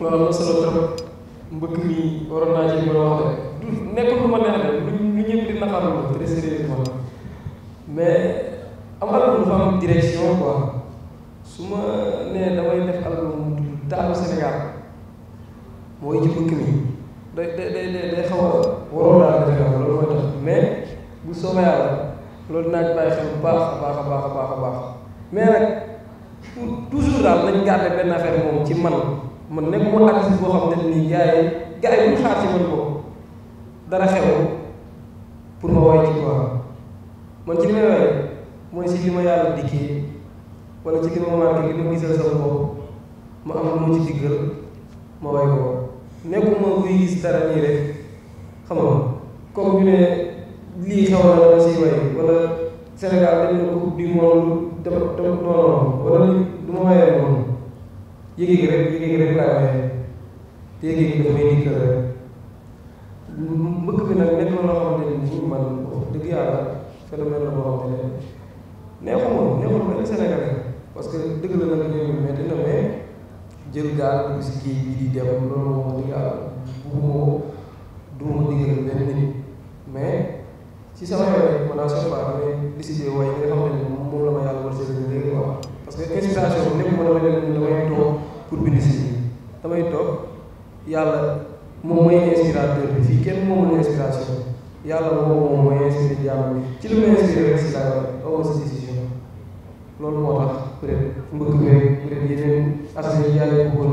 loolu am na solo trop mbëkk mi waroon naa ci mën a wax rek du nekkul lu ma neex de lu lu ñëpp di naqarlu la très sérieusement mais am album dafa am direction quoi su ma nee def album mu tudd taaru Sénégal mooy ci mbëkk mi day day day day xaw a waroon naa def loolu mooy tax mais bu soobee yàlla loolu naa ci bàyyi bu baax baax a baax a baax a baax mais nag toujours daal nañ garder benn affaire moom ci man. man nekk mu artiste boo xam ne nii gars yi gars yi bu ñu xaar man ko dara xew pour ma way ci quoi man ci li may way mooy si li ma yàlla dikkee wala ci li ma marqué li ma gisal sama bopp ma am lu ci diggal ma way ko nekkuma kuy gis dara nii rek xam nga comme ñu ne lii xew na la siy way wala Sénégal dañ ne coupe du monde dama dama non non wala ma wayee noonu 얘기 계획 얘기 계획 나와요. 얘기 계획 매니 그래. mbëgg bi nag nekk na loo xamante ni ñu man wax dëgg yàlla phénomène la boo xamante ne neexuma neexuma mel Sénégal parce que dëgg la nag ñoom metti na mais jël gaal dugg si géej bi di dem loolu wax dëgg yàlla bugguma du ma digal benn nit mais ci sama yoon mën naa soxlaa mais décidé waaye nga xamante ne moom la ma yàlla war a séddale léegi quoi pour bind si nii damay toog yàlla moom mooy inspirateur bi fii kenn moomul inspiration yàlla moom moom mooy inspiré jaam bi ci li ma inspiré rek si laa yor sa décision loolu moo tax peut être mbëgg beeg peut être yeneen aspect yàlla ko